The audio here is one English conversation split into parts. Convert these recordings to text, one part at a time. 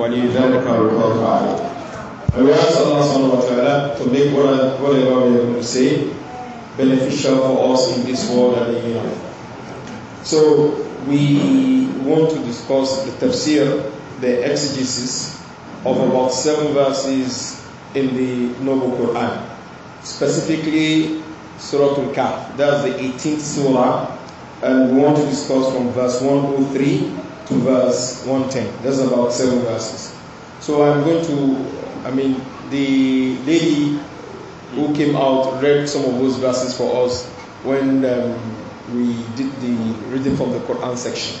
ولي ذلك والله أعلم. And we ask Allah subhanahu wa ta'ala to make whatever we have say beneficial for us in this world and in hereafter. So we want to discuss the tafsir, the exegesis of about seven verses in the Noble Quran. Specifically, Surah Al-Kahf. That's the 18th surah. And we want to discuss from verse 103 to verse 110. That's about seven verses. So I'm going to, I mean, the lady who came out read some of those verses for us when um, we did the reading from the Quran section.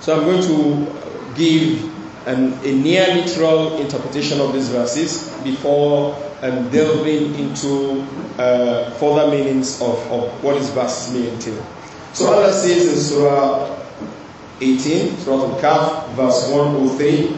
So I'm going to give an, a near literal interpretation of these verses before um, delving into uh, further meanings of, of what these verses may entail. So Allah says in Surah 18, Surah al verse 103.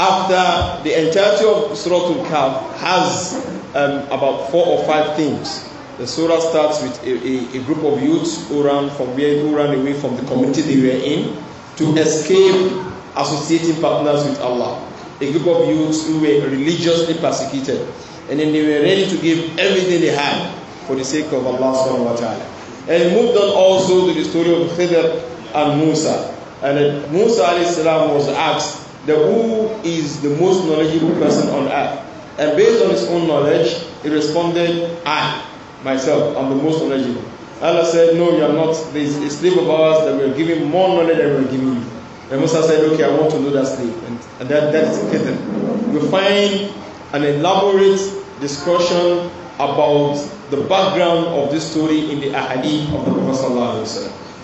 After the entirety of Surah Al-Kahf has um, about four or five themes. The surah starts with a, a, a group of youths who ran from where who ran away from the community they were in to escape associating partners with Allah. A group of youths who were religiously persecuted, and then they were ready to give everything they had for the sake of Allah subhanahu wa ta'ala. And moved on also to the story of Khidr and Musa and then Musa alayhi was asked that who is the most knowledgeable person on earth? And based on his own knowledge, he responded, I, myself, I'm the most knowledgeable. Allah said, No, you are not. There is a slave of ours that we are giving more knowledge than we are giving you. And Musa said, Okay, I want to know that slave. And, that, that is hidden. We find an elaborate discussion about the background of this story in the Ahadith of the Prophet.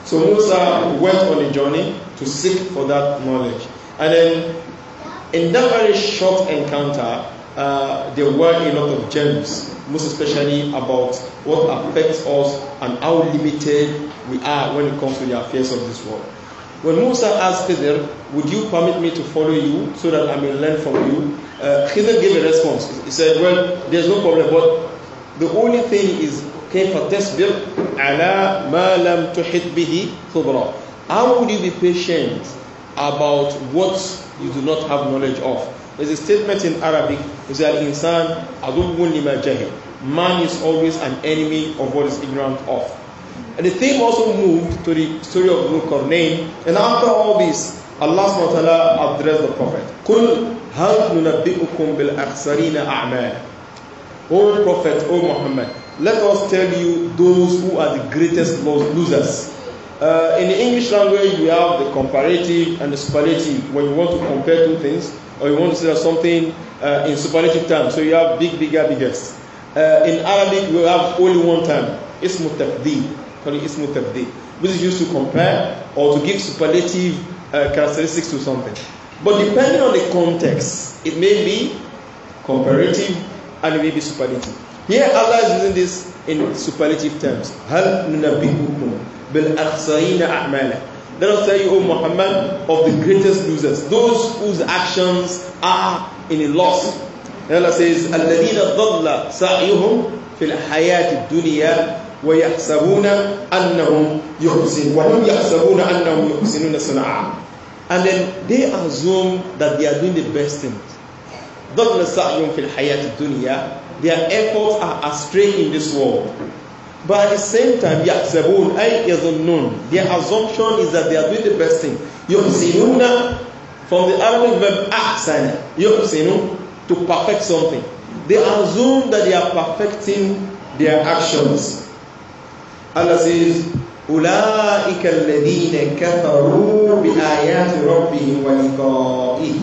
So Musa went on a journey to seek for that knowledge. And then in that very short encounter, uh, there were a lot of gems, most especially about what affects us and how limited we are when it comes to the affairs of this world. When Musa asked Khidr, Would you permit me to follow you so that I may learn from you? Uh, Khidr gave a response. He said, Well, there's no problem, but the only thing is, كيف تصبر على ما لم تحط به خبرا how would you be patient about what you do not have knowledge of? There's a statement in Arabic, Al-insan Man is always an enemy of what is ignorant of. And the theme also moved to the story of Dhul And after all this, Allah SWT addressed the Prophet. قُلْ هَلْ نُنَبِّئُكُمْ O Prophet, O Muhammad, let us tell you those who are the greatest losers. Uh, in the English language, we have the comparative and the superlative when you want to compare two things or you want to say something uh, in superlative terms. So you have big, bigger, biggest. Uh, in Arabic, we have only one term, ismu tabdi, ismu tabdi, which is used to compare or to give superlative uh, characteristics to something. But depending on the context, it may be comparative and it may be superlative. Here, Allah is using this in superlative terms. بالأخسرين أعمالا let us tell you, O oh Muhammad, of the greatest losers, those whose actions are in a loss. And Allah says, الَّذِينَ ضَلَّ سَعْيُهُمْ فِي الْحَيَاةِ الدُّنْيَا وَيَحْسَبُونَ أَنَّهُمْ يُحْسِنُونَ وَهُمْ يَحْسَبُونَ أَنَّهُمْ يُحْسِنُونَ صُنْعًا And then they assume that they are doing the best things. ضَلَّ سَعْيُهُمْ فِي الْحَيَاةِ الدُّنْيَا Their efforts are astray in this world. But at the same time, I is unknown. Their assumption is that they are doing the best thing. يحسنون from the Arabic verb أحسن يحسنون to perfect something. They assume that they are perfecting their actions. Allah says أولئك الذين كفروا بآيات ربهم ولقائه.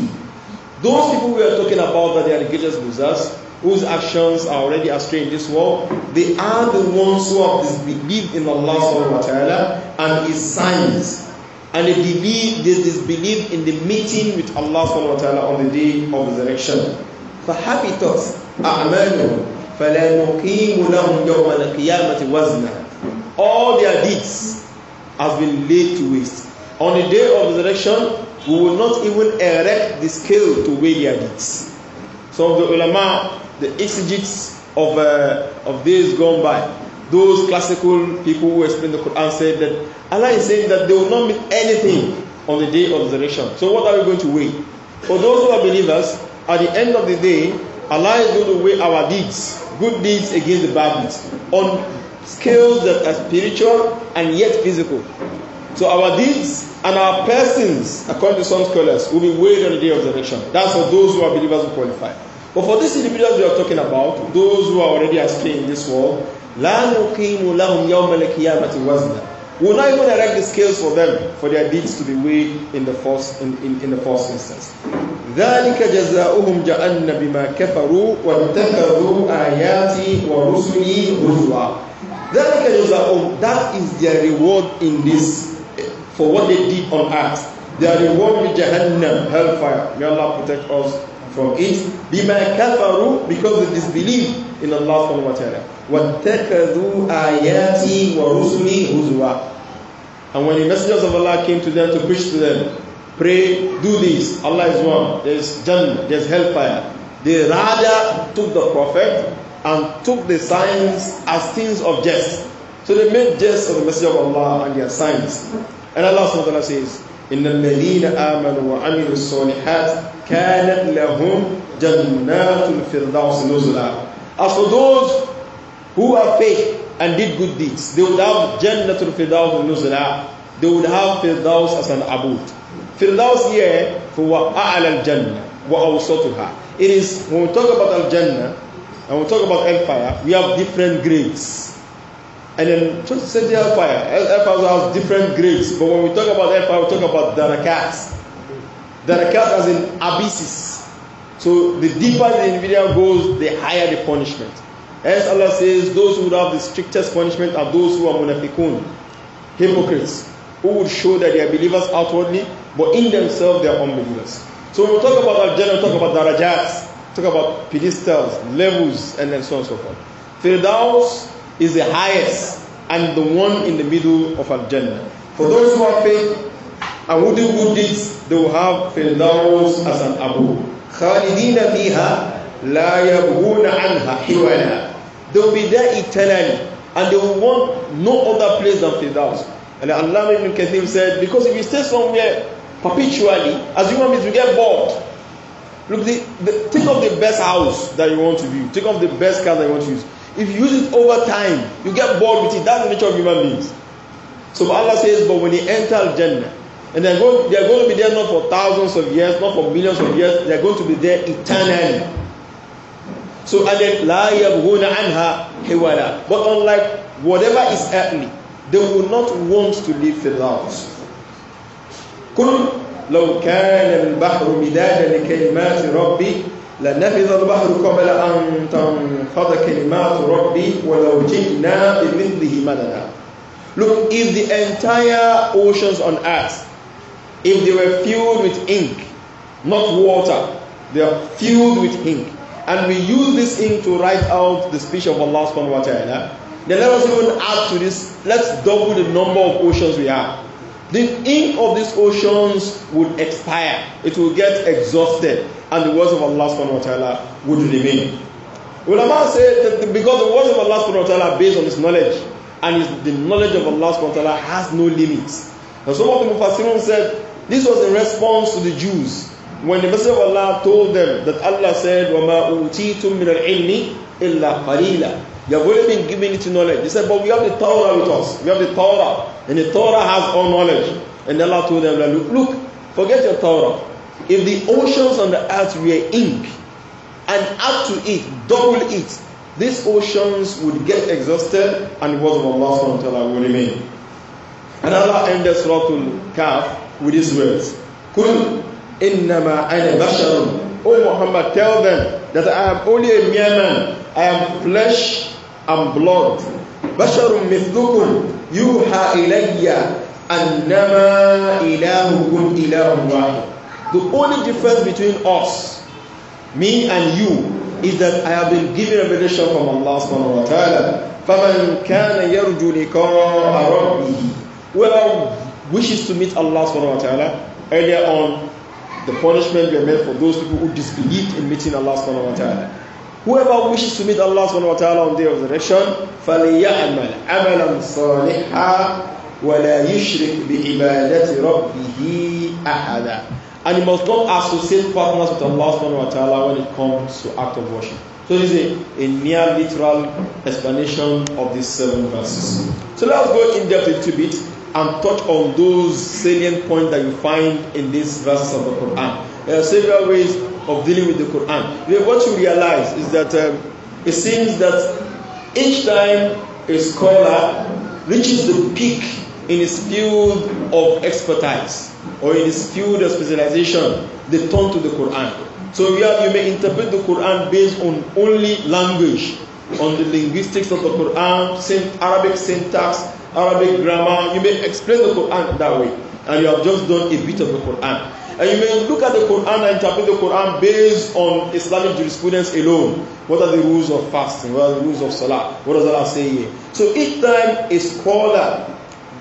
Those people we are talking about that they are religious losers whose actions are already astray in this world, they are the ones who have disbelieved in Allah subhanahu wa ta'ala and his signs. And they believe they disbelieve in the meeting with Allah subhanahu wa ta'ala on the day of resurrection. فَحَبِتَتْ أَعْمَالُهُمْ فَلَا نُقِيمُ لَهُمْ يَوْمَ الْقِيَامَةِ وَزْنًا All their deeds have been laid to waste. On the day of resurrection, we will not even erect the scale to weigh their deeds. Some of the ulama the exegetes of, uh, of days gone by, those classical people who explain the Quran said that Allah is saying that they will not be anything on the day of resurrection. So what are we going to weigh? For those who are believers, at the end of the day, Allah is going to weigh our deeds, good deeds against the bad deeds, on scales that are spiritual and yet physical. So our deeds and our persons, according to some scholars, will be weighed on the day of resurrection. That's for those who are believers who qualify. But for these individuals we are talking about, those who are already at in this world, لا نقيم لهم يوم القيامة وزنا. We will not even erect the scales for them for their deeds to be weighed in the first in, in, in the first instance. ذلك جزاؤهم جهنم بما كفروا واتخذوا آياتي ورسلي هزوا. ذلك جزاؤهم that is their reward in this for what they did on earth. Their reward with Jahannam, hellfire. May Allah protect us from it بما كفروا because they disbelieve in Allah subhanahu wa ta'ala واتخذوا آياتي ورسلي هزوا and when the messengers of Allah came to them to preach to them pray do this Allah is one there's Jannah there's hellfire they rather took the prophet and took the signs as things of jest so they made jest of the message of Allah and their signs and Allah subhanahu wa ta'ala says إن الذين آمنوا وعملوا الصالحات كانت لهم جنات الفردوس نزلا as for those who have faith and did good deeds they would have jannatul firdaus nuzula they would have firdaus as an abode firdaus here for a'la al jannah it is when we talk about al jannah and we talk about hellfire, we have different grades and then just say the Hellfire has different grades but when we talk about hellfire, we talk about darakats that are kept as in abysses. So the deeper the individual goes, the higher the punishment. As Allah says, those who would have the strictest punishment are those who are munafiqun, hypocrites, who would show that they are believers outwardly, but in themselves they are unbelievers. So when we talk about al Jannah, talk about darajats, talk about pedestals, levels, and then so on and so forth. Firdaus is the highest and the one in the middle of Al Jannah. For those who have faith, And who do good deeds, they will have Firdaus as an abode. Khalidina fiha la yabghuna anha hiwala. They will be there eternally and they will want no other place than Firdaus. And Allah Ibn Kathir said, because if you stay somewhere perpetually, as human beings, you get bored. Look, the, the, think of the best house that you want to view. Think of the best car that you want to use. If you use it over time, you get bored with it. That's the nature of human beings. So Allah says, but when you enter Jannah, And they're going, they're going to be there not for thousands of years, not for millions of years. They're going to be there eternally. So, and then, la yabghuna anha hiwala. But unlike whatever is earthly, they will not want to leave the out. كل لو كان البحر مدادا لكلمات ربي لنفذ البحر قبل أن تنفذ كلمات ربي ولو جئنا بمثله مددا Look, if the entire oceans on earth if they were filled with ink, not water, they are filled with ink. And we use this ink to write out the speech of Allah subhanahu wa ta'ala. Then let us even add to this, let's double the number of oceans we have. The ink of these oceans would expire, it will get exhausted, and the words of Allah subhanahu wa ta'ala would remain. Ulama say that because the words of Allah subhanahu wa ta'ala based on his knowledge, and his, the knowledge of Allah subhanahu wa ta'ala has no limits. And some of the Mufassirun said This was in response to the Jews when the Messenger of Allah told them that Allah said, وَمَا أُوتِيتُم al-ilmi illa قَلِيلًا You have only been given it to knowledge. They said, but we have the Torah with us. We have the Torah. And the Torah has all knowledge. And Allah told them, look, look forget your Torah. If the oceans on the earth were ink, and add to it, double it, these oceans would get exhausted and the words of Allah will remain. And Allah ended Suratul Kaf with these words. Kul innama ana basharun. O Muhammad, tell them that I am only a mere man. I am flesh and blood. Basharun mithlukum yuha ilayya annama ilahukum ilahun wahid. The only difference between us, me and you, is that I have been given revelation from Allah subhanahu wa ta'ala. Faman kana yarju لِقَاءَ رَبِّهِ Well, wishes to meet Allah subhanahu wa ta'ala. Earlier on, the punishment were meant for those people who disbelieved in meeting Allah subhanahu wa ta'ala. Whoever wishes to meet Allah subhanahu wa ta'ala on the day of resurrection, فَلْيَعْمَلْ عَمَلًا صَالِحًا وَلَا يُشْرِكْ بِعِبَادَةِ رَبِّهِ أَحَدًا And he must not associate partners with Allah subhanahu wa ta'ala when it comes to act of worship. So this is a, a near literal explanation of these seven verses. So let's go in depth a little bit and touch on those salient points that you find in these verses of the Quran. There are several ways of dealing with the Quran. What you realize is that um, it seems that each time a scholar reaches the peak in his field of expertise or in his field of specialization, they turn to the Quran. So have, you may interpret the Quran based on only language, on the linguistics of the Quran, Arabic syntax, Arabic grammar. You may explain the Quran that way, and you have just done a bit of the Quran. And you may look at the Quran and interpret the Quran based on Islamic jurisprudence alone. What are the rules of fasting? What are the rules of Salah? What does Allah say here? So each time a scholar,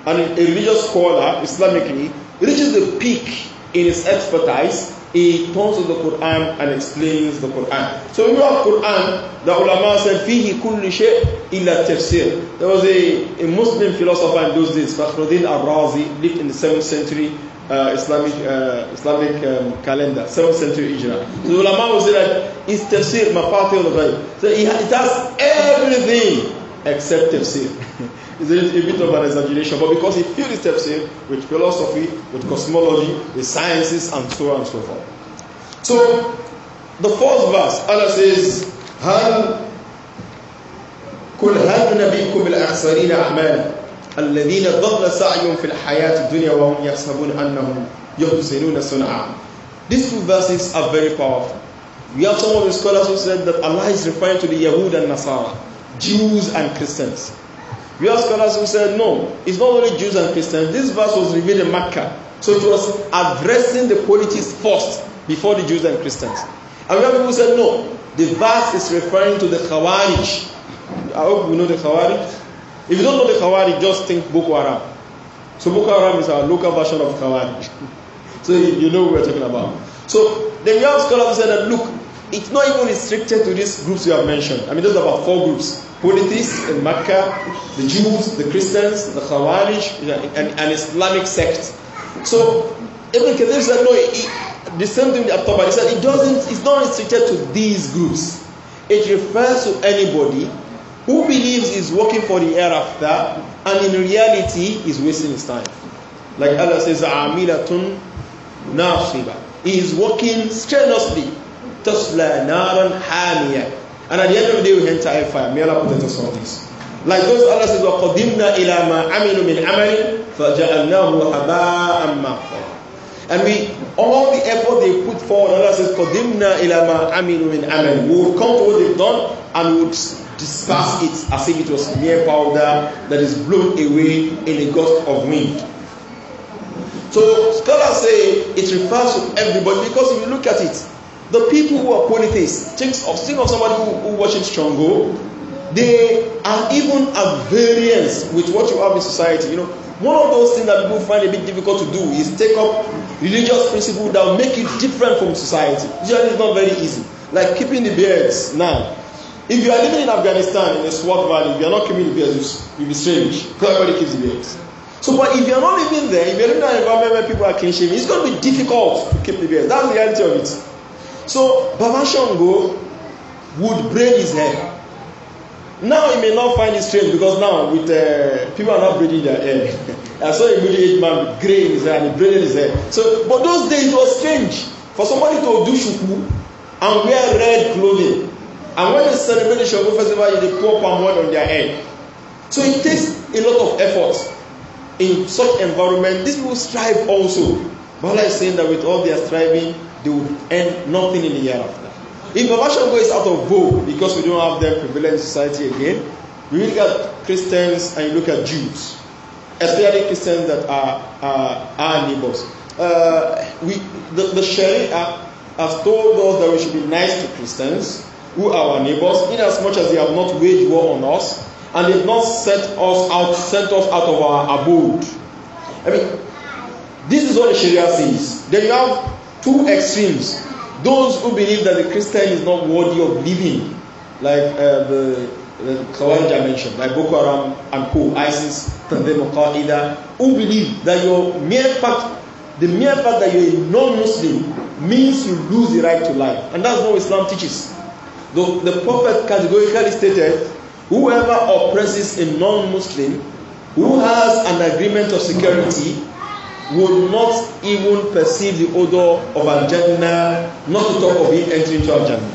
and a religious scholar, Islamically, reaches the peak in his expertise, he turns to the Quran and explains the Quran. So when we have Quran, the ulama said, Fihi kulli shay illa tafsir. There was a, a Muslim philosopher in those days, Fakhruddin al-Razi, lived in the 7th century uh, Islamic, uh, Islamic um, calendar, 7th century Hijrah. So the ulama would say that tafsir, mafatih al-ghayb. So it has everything except tafsir. is a, a bit of an exaggeration, but because he filled his in with philosophy, with cosmology, the sciences, and so on and so forth. So, the fourth verse, Allah says, هل قل هل نبيكم الأحسنين أعمالا الذين ضل سعيهم في الحياة الدنيا وهم يحسبون أنهم يحسنون صنعا These two verses are very powerful. We have some of the scholars who said that Allah is referring to the Yahud and Nasara, Jews and Christians. We have scholars who said, no, it's not only Jews and Christians. This verse was revealed in Mecca. So it was addressing the politics first before the Jews and Christians. And we have people who said, no, the verse is referring to the Khawarij. I hope you know the Khawarij. If you don't know the Khawarij, just think Boko Haram. So Boko Haram is our local version of Khawarij. so you know what we're talking about. So the young scholars said that, look, it's not even restricted to these groups you have mentioned. I mean, those are about four groups. polytheists in Mecca, the Jews, the Christians, the Khawarij, and an, an Islamic sect. So Ibn Kathir said, no, the same thing with Abtabari said, it doesn't, it's not restricted to these groups. It refers to anybody who believes is working for the hereafter and in reality is wasting his time. Like Allah says, Amilatun Nasiba. He is working strenuously. Tasla naran hamiyah And at the end of the day, we enter a fire. May Allah protect us from this. Like those Allah says, وَقَدِمْنَا إِلَى مَا عَمِلُوا مِنْ عَمَلٍ فَجَعَلْنَاهُ هَبَاءً مَّنثُورًا And we, all the effort they put forward, Allah says, قَدِمْنَا إِلَى مَا عَمِلُوا مِنْ عَمَلٍ We will come to what they've done and we will disperse it as if it was mere powder that is blown away in a gust of wind. So scholars say it refers to everybody because if you look at it, The people who are polytheists, think of, think of somebody who, who worships Chongo, they are even at variance with what you have in society. You know, one of those things that people find a bit difficult to do is take up religious principles that make it different from society. Usually it's not very easy. Like keeping the beards now. If you are living in Afghanistan in the Swat Valley, if you are not keeping the beards, you'll be strange. Everybody keeps the beards. So, but if you are not living there, if you're living in an environment where people are clean shaving, it's going to be difficult to keep the beards. That's the reality of it. So Baba Shango would braid his hair. Now he may not find it strange because now with uh, people are not braiding their hair. I saw a middle aged man with grey in his hair and he braided his hair. So, but those days it was strange for somebody to do shuku and wear red clothing. And when they celebrate the Shango festival, they pour palm oil on their head. So it takes a lot of effort in such environment. These people strive also. Bala is saying that with all their striving, they would earn nothing in the hereafter. If Innovation goes out of vogue because we don't have them prevalent in society again. We look at Christians and you look at Jews, especially Christians that are, our neighbors. Uh, we, the, the Sharia has told us that we should be nice to Christians who are our neighbors, in as much as they have not waged war on us and they've not sent us out, sent us out of our abode. I mean, this is what the Sharia says. Then you have two extremes. Those who believe that the Christian is not worthy of living, like uh, the, the Khawarij mentioned, like Boko Haram and Co, ISIS, Tanzim Qaeda, who believe that your mere fact, the mere fact that you're a non-Muslim means you lose the right to life. And that's what Islam teaches. The, the Prophet categorically stated, whoever oppresses a non-Muslim who has an agreement of security would not even perceive the odor of Al Jannah, not to talk of him entering into Al Jannah.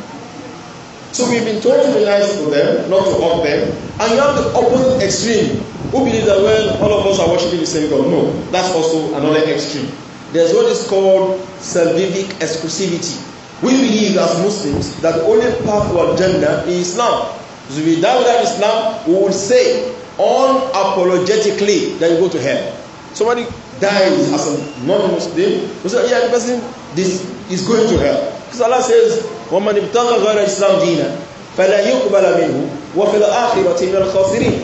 So we've been told to be nice to them, not to hurt them, and you have the opposite extreme who believe that well, all of us are worshiping the same God. No, that's also another extreme. There's what is called salvific exclusivity. We believe as Muslims that the only path to Al Jannah is Islam. So we die without Islam, we will say unapologetically that you go to hell. Somebody dies as a non-Muslim, we say, yeah, the person this is going to hell. Because Allah says, "Woman, if وَمَنْ ابْتَغَى غَيْرَ إِسْلَامْ دِينًا فَلَا يُقْبَلَ مِنْهُ وَفِي الْآخِرَةِ مِنَ الْخَاسِرِينَ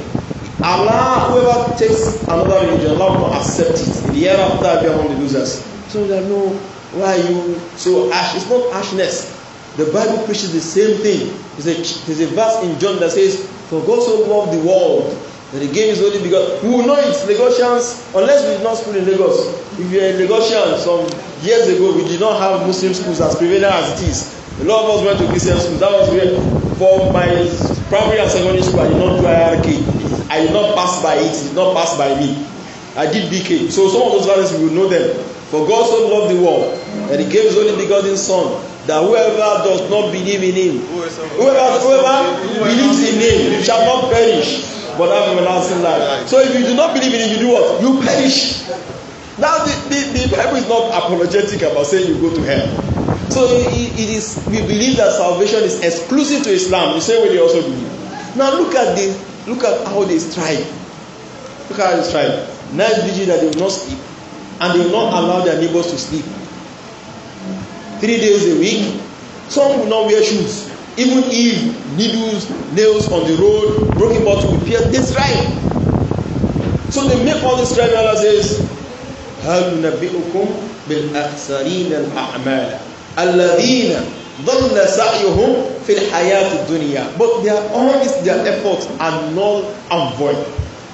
Allah, whoever takes another religion, Allah will accept it. In the hereafter, be among the losers. So there no, why you so ash? It's not ashness. The Bible preaches the same thing. There's a, there's a verse in John that says, For God so loved the world But the game is only because we will know it's Lagosians unless we did not school in Lagos. If you are a Lagosian some years ago, we did not have Muslim schools as prevalent as it is. A lot of us went to Christian schools. That was where for my primary and secondary school, I did not do IRK. I did not pass by it. It did not pass by me. I did BK. So some of those values we will know them. For God so loved the world and the game is only because begotten Son that whoever does not believe in Him, whoever, whoever believes in Him shall not perish but have everlasting life. So if you do not believe in it, you do what? You perish. Now the, the, the Bible is not apologetic about saying you go to hell. So it, it is we believe that salvation is exclusive to Islam. The same way they also believe. Now look at the look at how they strive. Look at how they strive. Night vigil that they will not sleep, and they will not allow their neighbors to sleep. Three days a week. Some will not wear shoes even if needles nails on the road broken bottle repair this right so they make all these crime allah says هل نبئكم بالأخسرين الأعمال الذين ظل سعيهم في الحياة الدنيا but their all this their efforts are null and void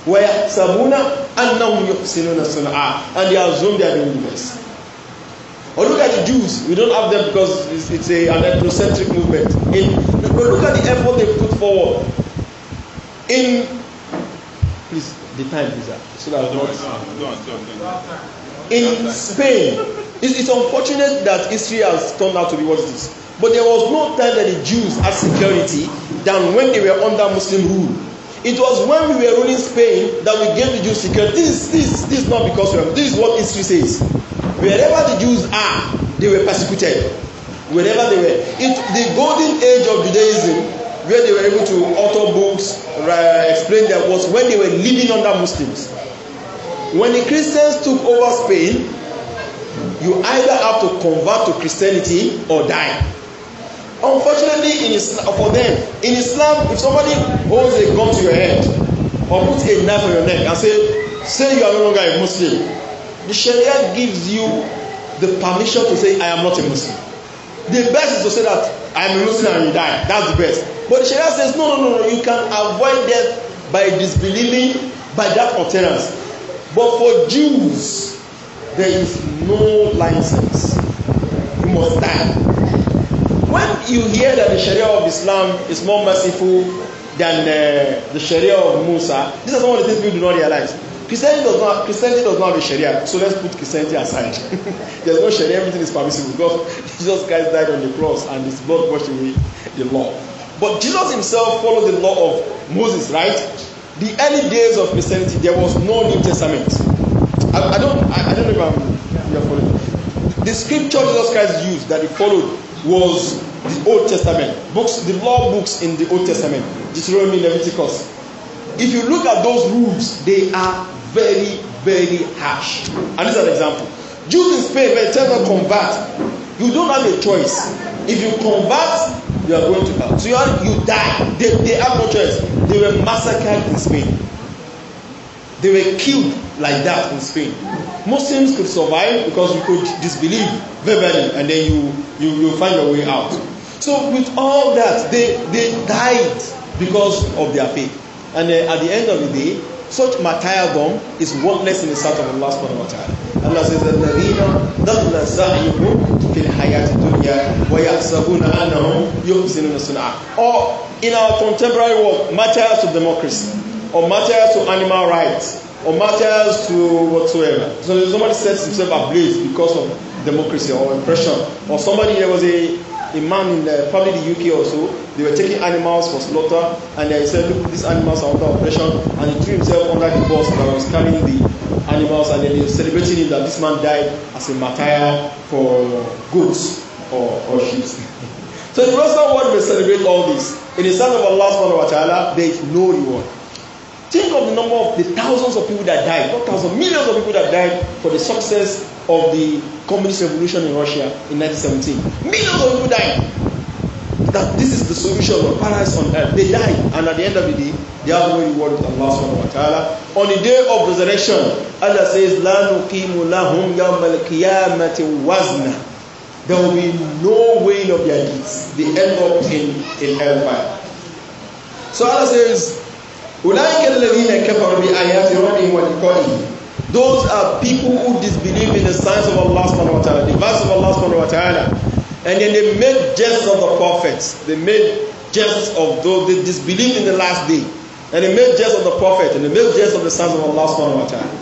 ويحسبون أنهم يحسنون صنعا and they assume they are doing the best Or look at the Jews. We don't have them because it's, it's a, an ethnocentric movement. In, but look at the effort they put forward. In please, the time is up. So that no, not. In Spain, it's, it's unfortunate that history has turned out to be what it is. But there was no time that the Jews had security than when they were under Muslim rule. It was when we were ruling Spain that we gave the Jews security. This, this, this is not because we are. This is what history says. Wherever the Jews are, they were persecuted. Wherever they were. It, the golden age of Judaism, where they were able to author books, uh, explain that was when they were living under Muslims. When the Christians took over Spain, you either have to convert to Christianity or die. Unfortunately, in Islam, for them, in Islam, if somebody holds a gun to your head or puts a knife on your neck and say, say you are no longer a Muslim, The Sharia gives you the permission to say, I am not a Muslim. The best is to say that I am a Muslim and you die. That's the best. But the Sharia says, no, no, no, no. You can avoid death by disbelieving, by that utterance. But for Jews, there is no license. You must die. When you hear that the Sharia of Islam is more merciful than uh, the Sharia of Musa, this is one of the things people do not realize. Christianity does not Christianity does not have a Sharia, so let's put Christianity aside. There's no Sharia, everything is permissible. God, Jesus Christ died on the cross and his blood washed away the law. But Jesus himself followed the law of Moses, right? The early days of Christianity, there was no New Testament. I, I don't I, I, don't know if I'm you're following. The scripture Jesus Christ used that he followed was the Old Testament, books, the law books in the Old Testament, Deuteronomy, Leviticus, if you look at those rules they are very, very harsh. And this is an example. Jews in Spain, when tell them convert, you don't have a choice. If you convert, you are going to die. So you, are, you die. They, they have no choice. They were massacred in Spain. They were killed like that in Spain. Muslims could survive because you could disbelieve very, very, and then you, you, you find your way out. So with all that, they, they died because of their faith. And uh, at the end of the day, Such materialism is worthless in the sight of Allah subhanahu wa ta'ala. Allah says, الَّذِينَ ضَلَّ سَعْيُهُمْ فِي الْحَيَاةِ الدُّنْيَا وَيَحْسَبُونَ أَنَّهُمْ يُحْسِنُونَ صُنْعًا Or in our contemporary world, matters to democracy, or matters to animal rights, or matters to whatsoever. So somebody sets himself ablaze because of democracy or oppression, or somebody there was a a man in uh, probably the UK also, they were taking animals for slaughter, and uh, he said, Look, these animals are under oppression. And he threw himself under the bus that was carrying the animals, and then they were celebrating him that this man died as a martyr for goats or, or sheep. so the Western world will celebrate all this. In the sight of Allah, subhanahu wa ta'ala, there is no reward. Think of the number of the thousands of people that died, not thousands, millions of people that died for the success of the communist revolution in Russia in 1917. Millions of people died. That this is the solution of paradise on earth. They died, and at the end of the day, they have no reward with Allah subhanahu wa ta'ala. On the day of resurrection, Allah says, La nuqimu lahum yawmal qiyamati wazna. There will be no weighing of their deeds. They end up in, in hellfire. So Allah says, Ulaika alladhina kafaru bi ayati rabbihim Those are people who disbelieve in the signs of Allah subhanahu wa ta'ala, the verse of Allah subhanahu wa ta'ala. And then they made jests of the prophets. They made jests of those they disbelieved in the last day. And they made jests of the prophet and they made jests of the sons of Allah subhanahu wa ta'ala.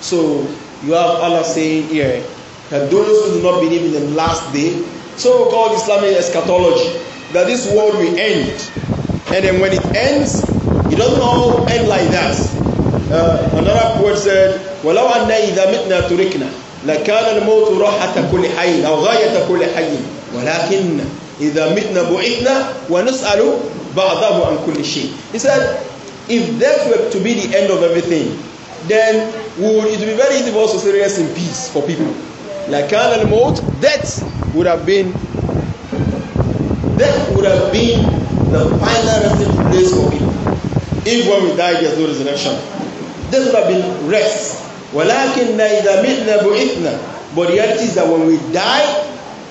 So you have Allah saying here that those who do not believe in the last day, so called Islamic eschatology, that this world will end. And then when it ends, You don't know end like that. Uh, another poet said, ولو أن إذا متنا تركنا لكان الموت راحة كل حي أو غاية كل حي ولكن إذا متنا بعثنا ونسأل بعضه عن كل شيء. He said, if death were to be the end of everything, then would it be very easy for us to rest in peace for people. Like Khan and Maut, death would have been death would have been the final resting place for people if when we die there's no resurrection this would have been rest ولكن إذا متنا بإثنا but the reality is that when we die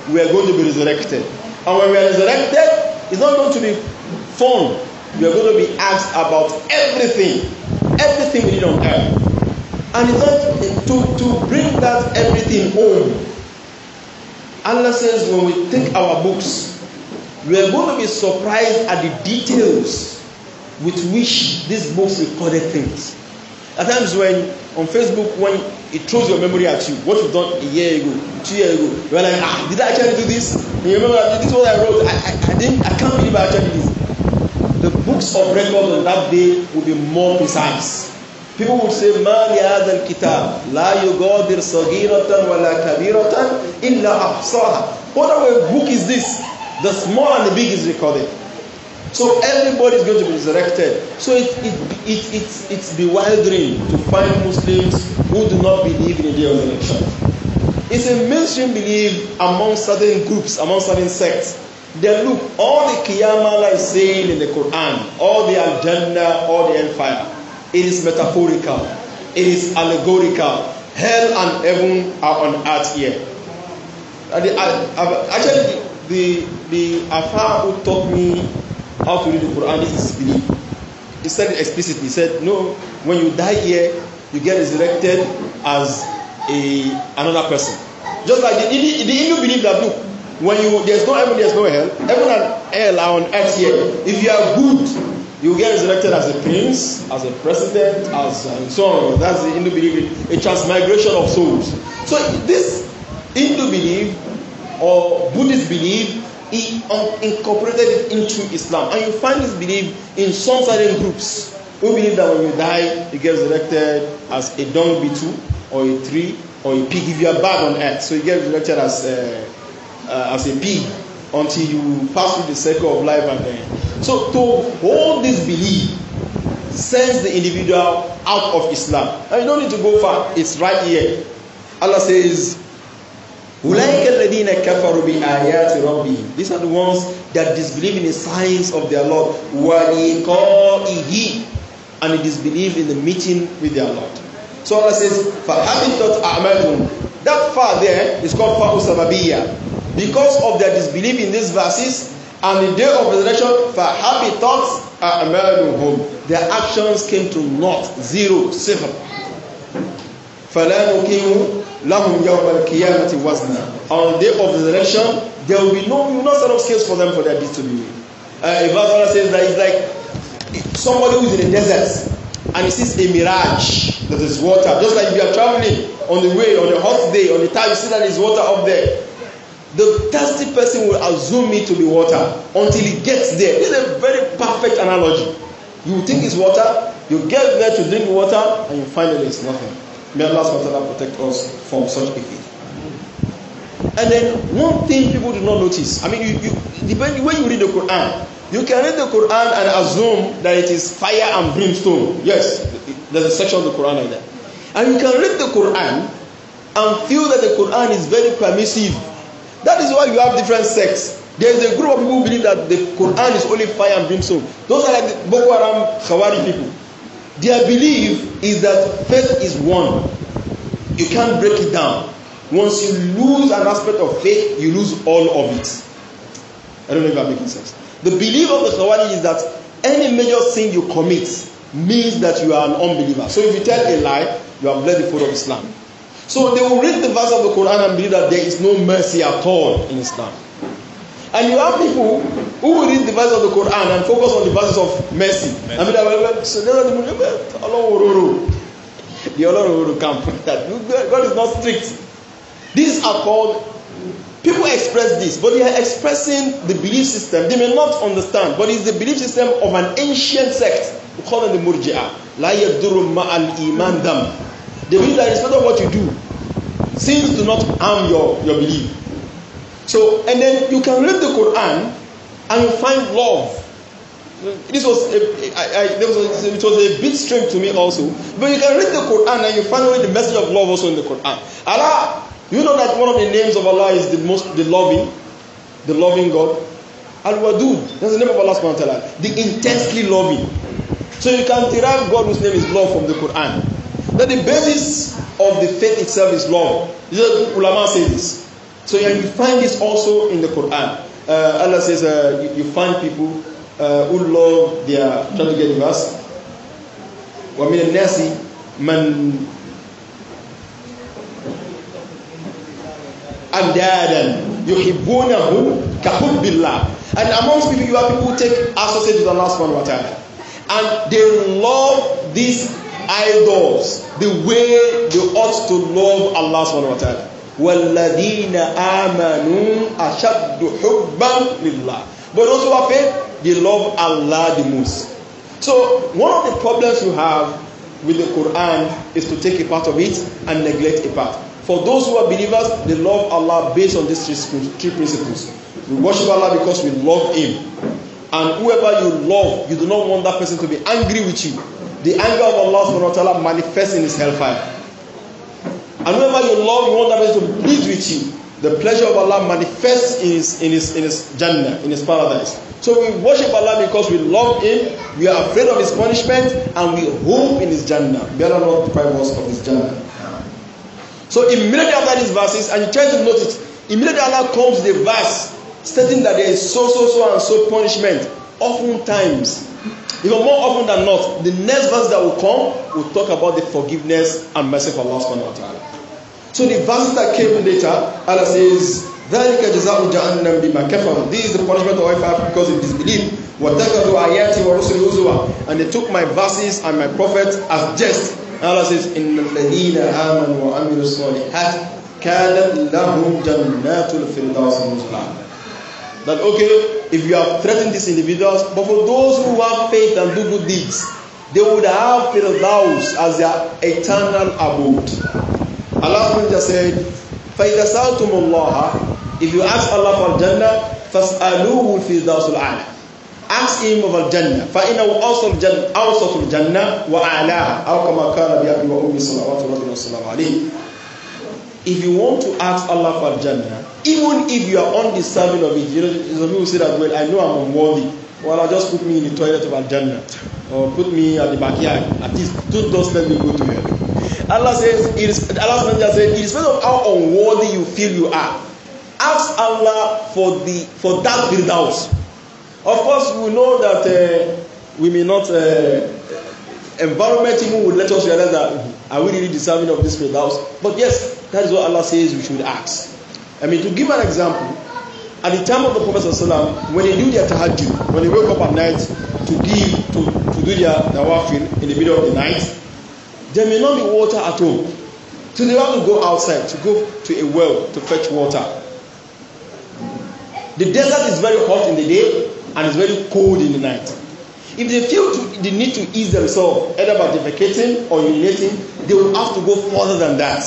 we are going to be resurrected and when we are resurrected it's not going to be fun we are going to be asked about everything everything we did on earth and it's not to to bring that everything home Allah says when we take our books we are going to be surprised at the details with which these books recorded things. At times when on Facebook, when it throws your memory at you, what you've done a year ago, two years ago, you're like, ah, did I actually do this? And you remember this is what I wrote. I, I, I didn't. I can't believe I actually did this. The books of records on that day will be more precise. People would say, ما لهذا الكتاب لا يغادر صغيرة ولا كبيرة إلا أحصاها. What kind of book is this? The small and the big is recorded. So everybody is going to be resurrected. So it, it, it, it, it's bewildering to find Muslims who do not believe in the day of resurrection. It's a mainstream belief among certain groups, among certain sects. Then look, all the Qiyamah is saying in the Quran, all the agenda, all the Hellfire, it is metaphorical, it is allegorical. Hell and heaven are on earth here. And the, actually, the, the Afar who taught me how to read the Quran, this is belief. He said it explicitly. He said, No, when you die here, you get resurrected as a another person. Just like the, the, the Hindu believe that look, when you there's no heaven, there's no hell. Heaven and hell are on earth here. If you are good, you get resurrected as a prince, as a president, as and so on. That's the Hindu belief, a transmigration of souls. So this Hindu belief or Buddhist belief he incorporated it into Islam. And you find this belief in some certain groups who believe that when you die, you get resurrected as a dung beetle or a tree or a pig if you are bad on earth. So you get resurrected as a, uh, uh, as a pig until you pass through the cycle of life and then. So to hold this belief sends the individual out of Islam. And you don't need to go far, it's right here. Allah says, Ulaika alladhina kafaru bi ayati rabbihim. These are the ones that disbelieve in the signs of their Lord. Wa liqa'ihi. And they disbelieve in the meeting with their Lord. So Allah says, فَحَبِطَتْ أَعْمَالُهُمْ That far there is called فَأُ سَبَبِيَّة. Because of their disbelief in these verses, and the day of resurrection, فَحَبِطَتْ أَعْمَالُهُمْ Their actions came to naught, zero, zero. فَلَا نُقِيمُ lahum yawmal qiyamati wazna on the day of the election, there will be no you no set up scales for them for their deeds to be weighed uh, Ibrahim says that it's like somebody who is in the desert and he sees a mirage that is water just like if you are traveling on the way on a hot day on the time you see that is water up there the thirsty person will assume it to be water until he gets there this is a very perfect analogy you think it's water you get there to drink water and you find that it's nothing May Allah SWT protect us from such a thing. And then one thing people do not notice. I mean, you, you depend when you read the Quran, you can read the Quran and assume that it is fire and brimstone. Yes, there's a section of the Quran like that. And you can read the Quran and feel that the Quran is very permissive. That is why you have different sects. There is a group of people who believe that the Quran is only fire and brimstone. Those are like the Boko Haram Khawari people. Their belief is that faith is one. You can't break it down. Once you lose an aspect of faith, you lose all of it. I don't know if I'm making sense. The belief of the Khawarij is that any major sin you commit means that you are an unbeliever. So if you tell a lie, you have bled the foot of Islam. So they will read the verse of the Quran and believe that there is no mercy at all in Islam. And you have people who will read the verses of the Quran and focus on the verses of mercy. mercy. I mean, the the Olororo camp. That God is not strict. These are called people express this, but they are expressing the belief system. They may not understand, but it's the belief system of an ancient sect. We call them the Murji'a. La yadurru ma'al iman dam. They believe that respect of what you do, sins do not harm your, your belief. So, and then you can read the Quran and you find love. This was a, I, I, was a, it was a big strange to me also. But you can read the Quran and you find the message of love also in the Quran. Allah, you know that one of the names of Allah is the most, the loving, the loving God. Al-Wadud, that's the name of Allah subhanahu wa ta'ala, the intensely loving. So you can derive God whose name is love from the Quran. That the basis of the faith itself is love. This is what ulama say this. So yeah, you find this also in the Quran. Uh, Allah says uh, you, you, find people uh, who love their, trying to get the verse. وَمِنَ النَّاسِ مَنْ أَمْدَادًا يُحِبُّونَهُ كَحُبِّ اللَّهِ And amongst people, you have people who take associate with Allah subhanahu wa ta'ala. And they love these idols the way they ought to love Allah subhanahu wa ta'ala wàlàdínà àmànú ashaddu hubban lillah but those who are faith love Allah the most so one of the problems you have with the Quran is to take a part of it and neglect a part for those who are believers they love Allah based on these three principles we worship Allah because we love him and whoever you love you do not want that person to be angry with you the anger of Allah subhanahu wa ta'ala manifest in his hellfire And whenever you love, you want that person to breathe with you. The pleasure of Allah manifests in his, in his, in his Jannah, in his paradise. So we worship Allah because we love him, we are afraid of his punishment, and we hope in his Jannah. May Allah not deprive us of his Jannah. So immediately after these verses, and you try to notice, immediately Allah comes the verse stating that there is so, so, so, and so punishment. Often times, even more often than not, the next verse that will come will talk about the forgiveness and mercy of Allah subhanahu wa ta'ala. So the verse that came later, Allah says, ذَلِكَ جَزَاءُ جَهَنَّمْ بِمَا كَفَرُوا This is the punishment of hellfire because of disbelief. وَتَكَذُوا آيَاتِ وَرُسُلِ هُزُوَا And they took my verses and my prophets as jest. Allah says, إِنَّ الَّذِينَ آمَنُوا وَعَمِلُوا الصَّالِحَاتِ كَانَتْ لَهُمْ جَنَّاتُ الْفِرْدَوْسِ نُزُلًا that okay, if you have threatened these individuals, but for those who have faith and do good deeds, they would have Firdaus as their eternal abode. Allah just said, فَإِذَا سَأَلْتُمُ اللَّهَ If you ask Allah for Jannah, فَاسْأَلُوهُ فِي دَاسُ الْعَالَى Ask him of al-Jannah. فَإِنَّهُ أَوْسَطُ الْجَنَّةِ أَوْسَطُ الْجَنَّةِ وَأَعْلَاهَا أَوْ كَمَا كَانَ بِأَبِي وَأُمِّي صَلَوَاتُ رَبِّنَا وَسَلَامُ عَلَيْهِ If you want to ask Allah for Jannah, even if you are undeserving of it, you know, some people say that, well, I know I'm unworthy. Well, I'll just put me in the toilet of Al-Jannah or put me at the backyard. At least, don't those let me go to hell. Allah says, Allah says, irrespective of how unworthy you feel you are, ask Allah for the for that build house. Of course, we know that uh, we may not uh, environment even would let us realize that are we really deserving of this build house? But yes, that is what Allah says we should ask. I mean, to give an example, at the time of the Prophet ﷺ, when they do their tahajjud, when they wake up at night to give to, to do their nawafil in the middle of the night, there may not be water at home so they have to go outside to go to a well to fetch water the desert is very hot in the day and it's very cold in the night if they feel to, the need to ease themselves either by defecating or urinating they will have to go further than that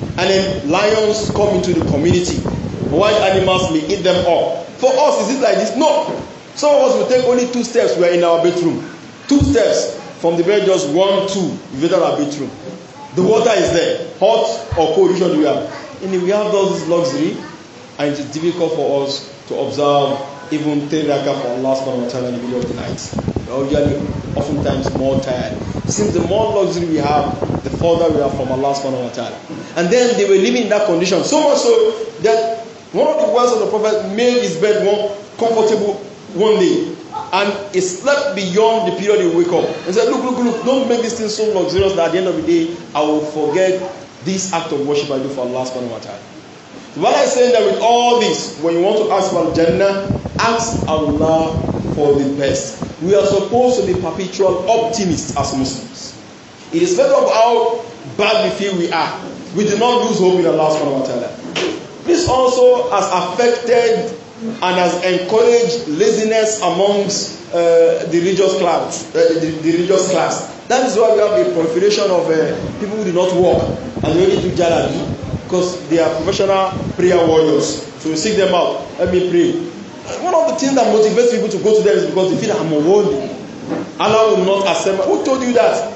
and then lions come into the community wild animals may eat them up for us is it like this no some of us will take only two steps we are in our bedroom two steps from the very just one two you better have the water is there hot or cold which one do we have and we have those luxury and it's difficult for us to observe even three raka for Allah subhanahu wa ta'ala in the middle of the night we are usually oftentimes more tired since the more luxury we have the further we are from Allah subhanahu wa ta'ala and then they were living in that condition so much so that one of the words of the prophet made his bed more comfortable one day and he slept beyond the period he wake up He said look look look don't make this thing so luxurious that at the end of the day i will forget this act of worship i do for allah subhanahu wa ta'ala what i'm saying that with all this when you want to ask for jannah ask allah for the best we are supposed to be perpetual optimists as muslims it is matter of how bad we feel we are we do not lose hope in allah subhanahu wa ta'ala this also has affected and has encouraged laziness amongst uh, the religious class. Uh, the, the religious class. That is why we have a proliferation of uh, people who do not work and they only do jalabi because they are professional prayer warriors. So we seek them out. Let me pray. One of the things that motivates people to go to them is because they feel I'm unworthy. Allah will not accept me. Who told you that?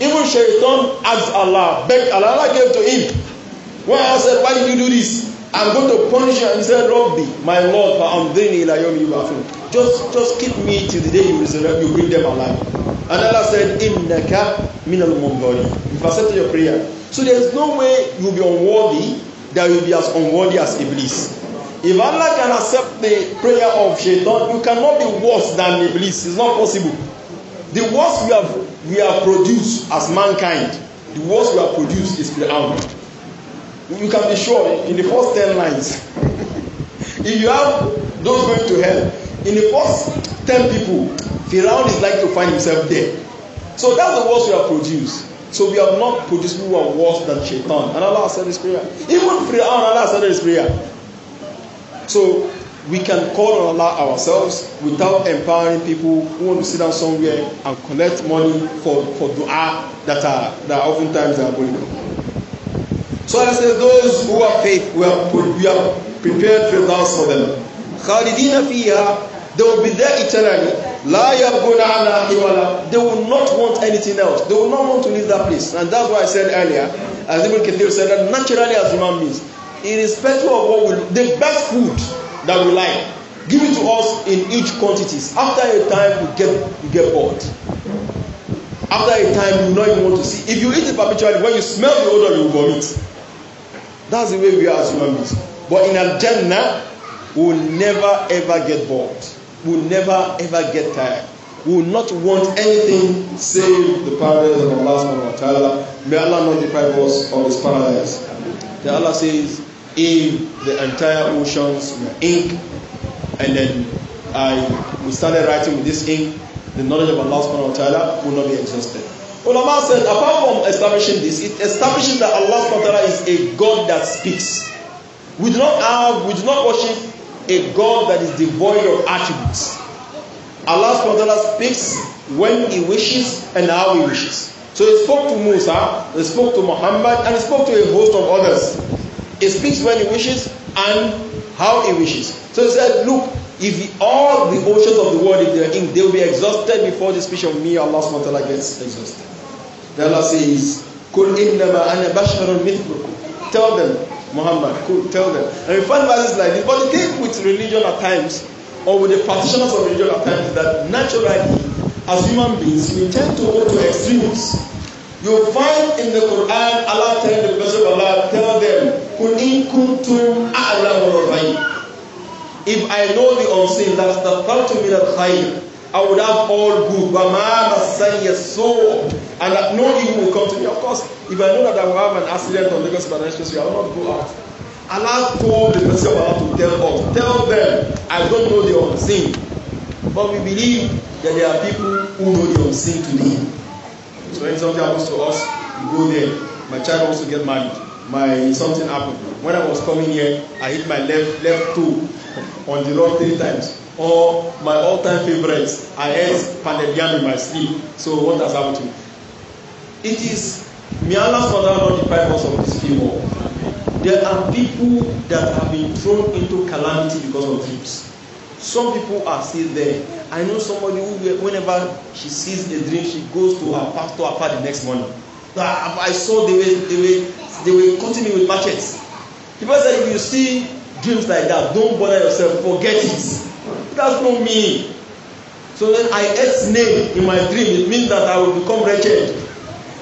Even Shaitan asked Allah, begged Allah, Allah gave to him. When I said, Why did you do this? I'm going to punish you and say, Rabbi, my Lord, but I'm doing fa'amdini ila yomi yub'athun. Just, just keep me till the day you resurrect, you bring them alive. And Allah said, in the Innaka min al You've accepted your prayer. So there's no way you'll be unworthy that you'll be as unworthy as Iblis. If Allah can accept the prayer of Shaitan, you cannot be worse than Iblis. It's not possible. The worst we have we have produced as mankind, the worst we have produced is the Fir'aun you can be sure in the first ten lines if you have those going to hell in the first ten people Firaun is like to find himself there so that's the worst we have produced so we have not produced people who are worse than Shaitan and Allah said this prayer even Firaun Allah said this prayer so we can call on Allah ourselves without empowering people who want to sit down somewhere and collect money for for dua that are that oftentimes are diabolical. So I say those who are faith, we are, we are prepared for those for them. خالدين فيها, they will be there eternally. لا يبغون عنها حولا. They will not want anything else. They will not want to leave that place. And that's why I said earlier, as Ibn Kathir said, that naturally as human beings, irrespective of what we, the best food that we like, give it to us in each quantities. After a time, we get we get bored. After a time, you not even want to see. If you eat it perpetually, when you smell the odor, you vomit. That's the way we are as human beings. But in Al Jannah, we will never ever get bored. We will never ever get tired. We will not want anything save the paradise of Allah subhanahu wa ta'ala. May Allah not deprive us of His paradise. The Allah says, if the entire oceans were ink, and then I we started writing with this ink, the knowledge of Allah subhanahu wa ta'ala will not be exhausted. Ulama said, apart from establishing this, it establishes that Allah SWT is a God that speaks. We do not have, we do not worship a God that is devoid of attributes. Allah SWT speaks when He wishes and how He wishes. So He spoke to Musa, He spoke to Muhammad, and He spoke to a host of others. He speaks when He wishes and how He wishes. So He said, Look, if all the oceans of the world, if they are in, they will be exhausted before the speech of me, Allah SWT gets exhausted. The Allah says, Kul innama ana basharun mithlukum. Tell them, Muhammad, cool, tell them. And we find verses like this. But the thing with religion at times, or with the practitioners of religion at times, is that naturally, as human beings, we tend to go to extremes. You find in the Quran, Allah telling the Messenger of Allah, tell them, Kun in kuntum If I know the unseen, that's the thought to me that I would have all good. But man, so And that no evil will come to me. Of course, if I know that I will have an accident on Lagos Ibadan Expressway, I will not go out. Allah told the person about to tell us, tell them, I don't know the unseen. But we believe that there are people who know the unseen today. So when something happens to us, we go there. My child wants to get married. My something happened. When I was coming here, I hit my left left toe on the road three times. Or my all-time favorites, I ate pandemic in my sleep. So what has happened to me? It is, may Allah not deprive us of these people. There are people that have been thrown into calamity because of dreams. Some people are still there. I know somebody who, whenever she sees a dream, she goes to her pastor after the next morning. I saw they were, they were, they were cutting me with machetes. People say, if you see dreams like that, don't bother yourself, forget it. That's not me. So then I ate snake in my dream. It means that I will become wretched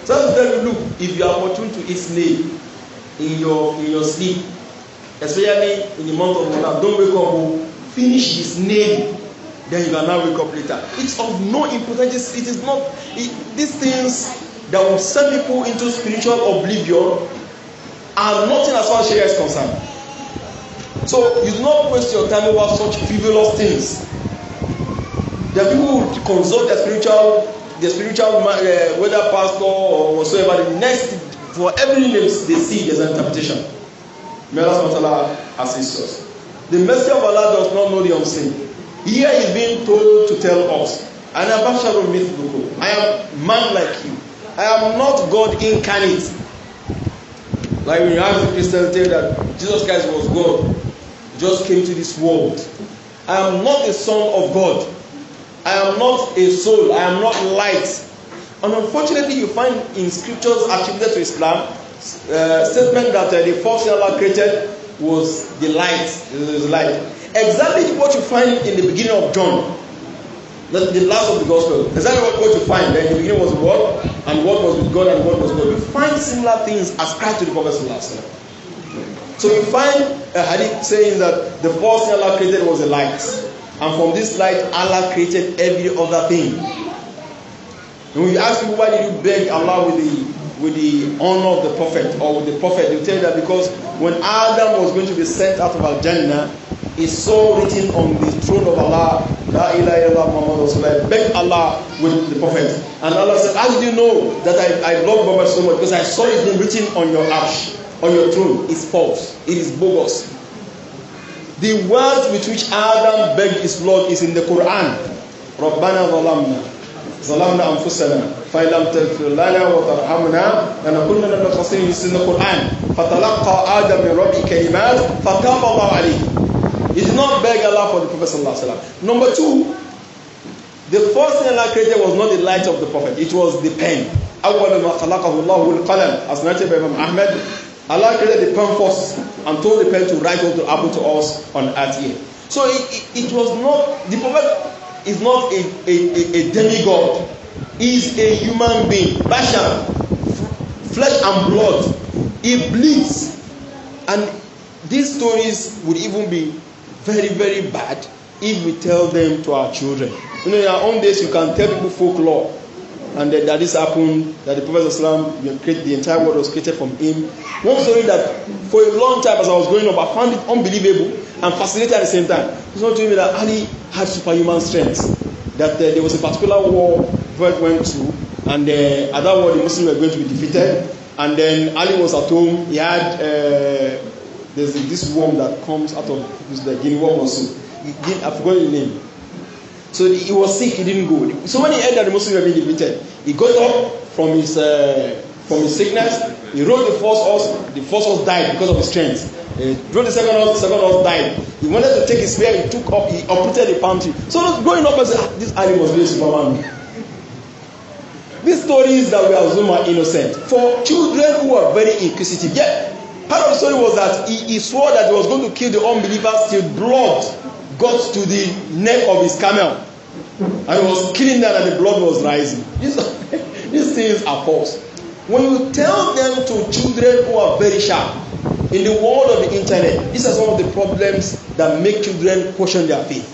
sometimes look if you are opportune to eat snail in your in your sleep especially in the month of Ramadan don't wake up o oh, finish the snail then you can now wake up later it's of no importance it is not it, these things that will send people into spiritual oblivion are nothing as far as Sharia is concerned so you do not waste your time over such frivolous things There are people who consult their spiritual the spiritual man, uh, eh, whether pastor or whatsoever, the next for every name they see there's an interpretation. May Allah subhanahu wa assist us. The mercy of Allah does not know the unseen. Here is being told to tell us, I am Basharul Mithbuku. I am man like you. I am not God incarnate. Like when you have the Christian tell that Jesus Christ was God, just came to this world. I am not the son of God. I am not a soul. I am not light. And unfortunately, you find in scriptures attributed to Islam uh, statement that uh, the first thing Allah created was the light. Was light. Exactly what you find in the beginning of John, the, the last of the gospel. Exactly what, what you find. Then eh, the beginning was the word, and word was with God, and word was God. You find similar things ascribed to the Prophet So you find a hadith saying that the first thing Allah created was the light and from this light Allah created every other thing when you ask people why did you beg Allah with the with the honor of the prophet or with the prophet they tell you that because when Adam was going to be sent out of Al-Jannah is so written on the throne of Allah La ilaha illallah Muhammad Rasulullah begged Allah with the prophet and Allah said how did you know that I, I love Muhammad so much because I saw it name written on your arch on your throne it's false it is bogus The words with which Adam begged his Lord is in the Quran. رَبَّنَا ظَلَمْنَا ظَلَمْنَا أَنفُسَنَا فَإِنْ لَمْ تَغْفِرْ لَنَا وَتَرْحَمْنَا لَنَكُنَّ مِنَ الْخَاسِرِينَ It's in the Quran. فَتَلَقَّى Adam مِنْ Rabbi kalimat, فَتَابَ اللَّهُ He did not beg Allah for the Prophet sallallahu alaihi wasallam. Number two, the first thing Allah created was not the light of the Prophet. It was the pen. أول ما خلقه الله القلم as narrated by Imam Ahmed Allah created the palm first and told the pen to write what will happen to us on earth here. So it, it, it was not, the prophet is not a, a, a, a demigod, he's a human being. Bashar, flesh and blood, he bleeds. And these stories would even be very, very bad if we tell them to our children. You know, in our own days, you can tell people folklore and that, that this happened that the prophet islam the entire world was created from him one story that for a long time as i was growing up i found it unbelievable and fascinating at the same time it's not telling me that ali had superhuman strength that uh, there was a particular war prophet went to and uh, at that war the muslims were going to be defeated and then ali was at home he had uh, there's this worm that comes out of the guinea worm also i forgot the name So the, he was sick, he didn't go. So when he heard that the Muslims were being defeated, he got up from his uh, from his sickness. He rode the first horse. The first horse died because of his strength. He rode the second horse. The second horse died. He wanted to take his spear. He took up. He uprooted the palm tree. So growing up, I said, ah, this Ali was be a superman. These stories that we assume are innocent for children who are very inquisitive. Yet part of the story was that he, he swore that he was going to kill the unbelievers till blood got to the neck of his camel and he was killing them and the blood was rising. These, things are false. When you tell them to children who are very sharp, in the world of the internet, these are some of the problems that make children question their faith.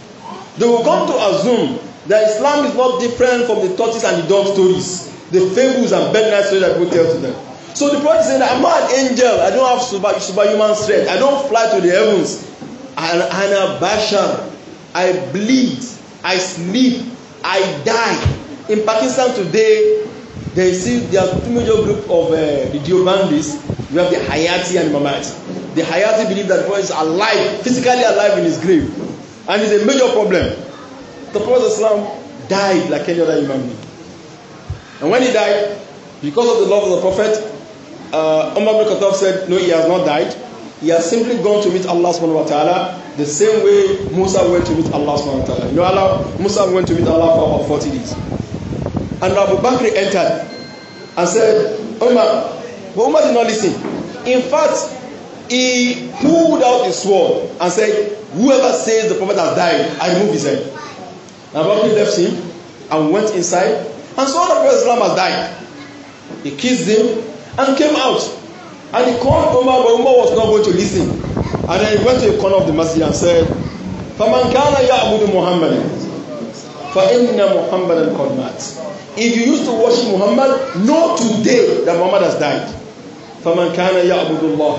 They will come to assume that Islam is not different from the tortoise and the dog stories, the fables and bedtime stories that people tell to them. So the prophet that I'm not an angel, I don't have super, superhuman strength, I don't fly to the heavens, ana bashar i bleed i sleep i die in pakistan today they see there are two major group of uh, the deobandists you have the hayati and mamati the hayati believe that the prophet is alive physically alive in his grave and it's a major problem the prophet islam died like any other human being and when he died because of the love of the prophet uh, umar bin khattab said no he has not died He has simply gone to meet Allah subhanahu wa ta'ala the same way Musa went to meet Allah subhanahu wa ta'ala. You know, Allah, Musa went to meet Allah for about 40 days. And Abu Bakr entered and said, Umar, but Umar did not listen. In fact, he pulled out his sword and said, Whoever says the prophet has died, I remove his head. And Abu Bakr left him and went inside and saw that Prophet has died. He kissed him and came out. And he called Umar, but Umar was not going to listen. And then he went to the corner of the masjid and said, فَمَنْ كَانَ يَعْبُدُ مُحَمَّدًا فَإِنَّ مُحَمَّدًا قَدْ مَاتَ If you used to worship Muhammad, know today that Muhammad has died. فَمَنْ كَانَ يَعْبُدُ اللَّهَ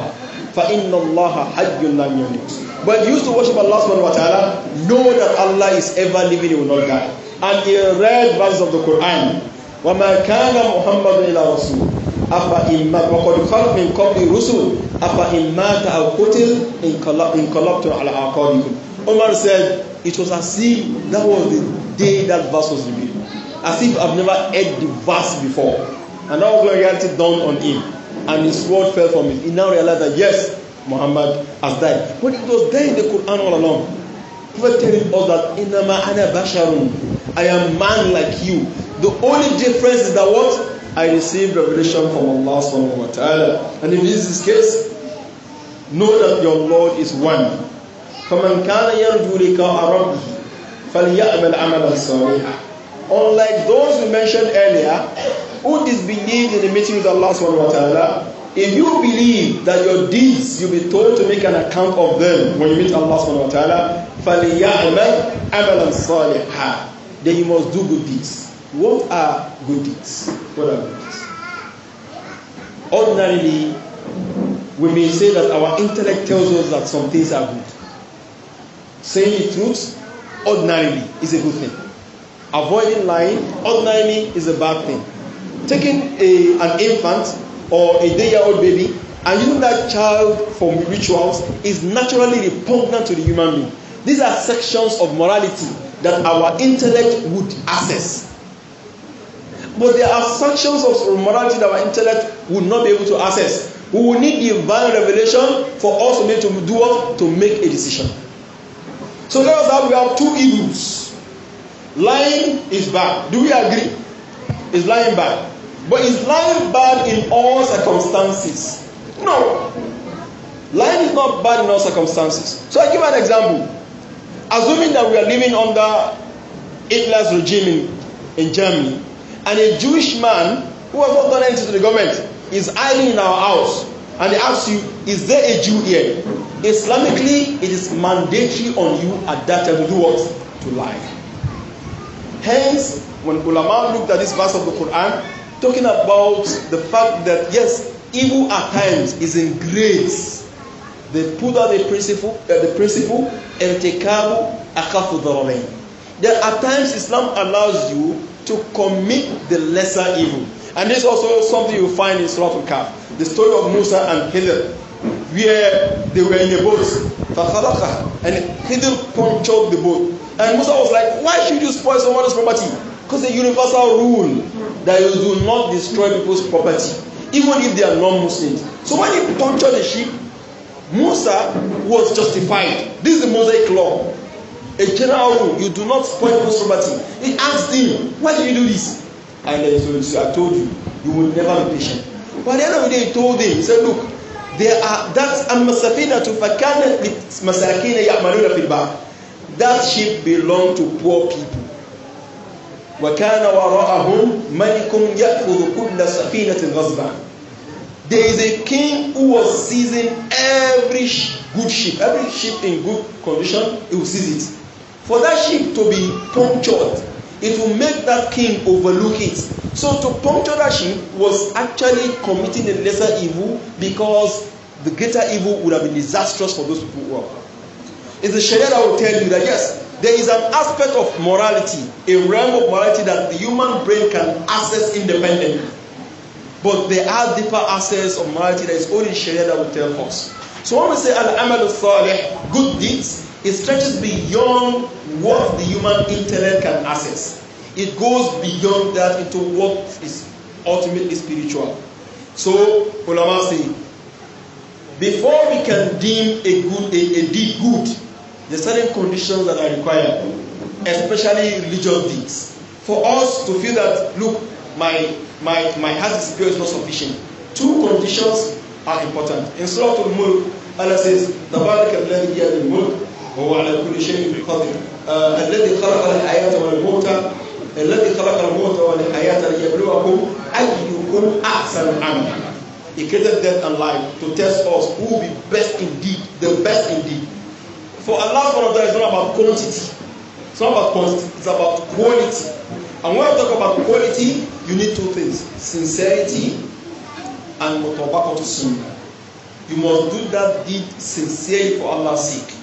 فَإِنَّ اللَّهَ حَيٌّ لَمْ يَمُوتُ But if you used to worship Allah subhanahu wa ta'ala, know that Allah is ever living, He will not die. And he read verses of the Quran. وَمَا كَانَ مُحَمَّدٌ إِلَى رَسُولٍ afa ima wakɔdu kɔlɔ nkɔbi rusul afa ima ta akutil nkɔlɔptu ala akɔdikum omar said it was as if that was the day that verse was revealed as if i've never heard the verse before and that was when reality dawned on him and his sword fell from him he now realized that yes muhammad has died but it was there in the quran all along prophet telling us that inama ana basharun i am man like you the only difference is that what I received revelation from Allah subhanahu wa ta'ala. And if this is case, know that your Lord is one. فَمَنْ كَانَ يَرْجُو رَبِّهِ فَلْيَعْمَلْ عَمَلًا صَالِحًا Unlike those we mentioned earlier, who disbelieved in the meeting with Allah subhanahu wa ta'ala, if you believe that your deeds, you'll be told to make an account of them when you meet Allah subhanahu wa ta'ala, فَلْيَعْمَلْ عَمَلًا صَالِحًا Then you must do good deeds. What are good deeds? What are good deeds? Ordinarily, we may say that our intellect tells us that some things are good. Saying the truth, ordinarily, is a good thing. Avoiding lying, ordinarily, is a bad thing. Taking a, an infant or a day year old baby and using that child for rituals is naturally repugnant to the human being. These are sections of morality that our intellect would assess. But there are sections of morality that our intellect would not be able to access. We will need divine revelation for us to be able to do what? To make a decision. So let us have we have two evils. Lying is bad. Do we agree? Is lying bad? But is lying bad in all circumstances? No. Lying is not bad in all circumstances. So I give an example. Assuming that we are living under Hitler's regime in, in Germany, and a Jewish man who has not done anything to the government is hiding in our house and they ask you is there a Jew here Islamically it is mandatory on you at that time to do what to lie hence when ulama looked at this verse of the Quran talking about the fact that yes evil at times is in grace. they put out the principle uh, the principle and take out there are times Islam allows you to commit the lesser evil. And this also something you find in Surah al the story of Musa and Hillel, where they were in a boat, and Hillel punctured the boat. And Musa was like, why should you spoil someone's property? Because the universal rule that you do not destroy people's property, even if they are non-Muslims. So when he punctured the ship, Musa was justified. This is the Mosaic law a general rule: you do not spoil people's property he asked him why did you do this and then he said i told you you will never be patient but at the end of the day he told him he said look there are that almasafina to fakana masakina yamaluna fil bar that sheep belong to poor people وكان وراءهم ملك يأخذ كل سفينة غصبا There is a king who was seizing every good ship. Every ship in good condition, he will seize it for that ship to be punctured it will make that king overlook it so to puncture that ship was actually committing a lesser evil because the greater evil would have been disastrous for those people who are it's the sharia that will tell you that yes there is an aspect of morality a realm of morality that the human brain can access independently but there are deeper aspects of morality that is only sharia that will tell us so when we say al-amal al salih good deeds It stretches beyond what the human intellect can access. It goes beyond that into what is ultimately spiritual. So, ulama say, before we can deem a good, a, a deed good, there are certain conditions that are required, especially religious deeds. For us to feel that, look, my my my heart is pure is not sufficient. Two conditions are important. In Surah Al-Mulk, Allah says, "Tabarak al-Ladhi هو على كل شيء قدير آه الذي خلق الحياة والموت الذي خلق الموت والحياة ليبلوكم أيكم أحسن عملا He created death and life to test us who will be best indeed, the best indeed. For Allah subhanahu wa ta'ala is not about quantity. It's not about quantity, it's about quality. And when I talk about quality, you need two things sincerity and mutabakatu sunnah. You must do that deed sincerely for Allah's sake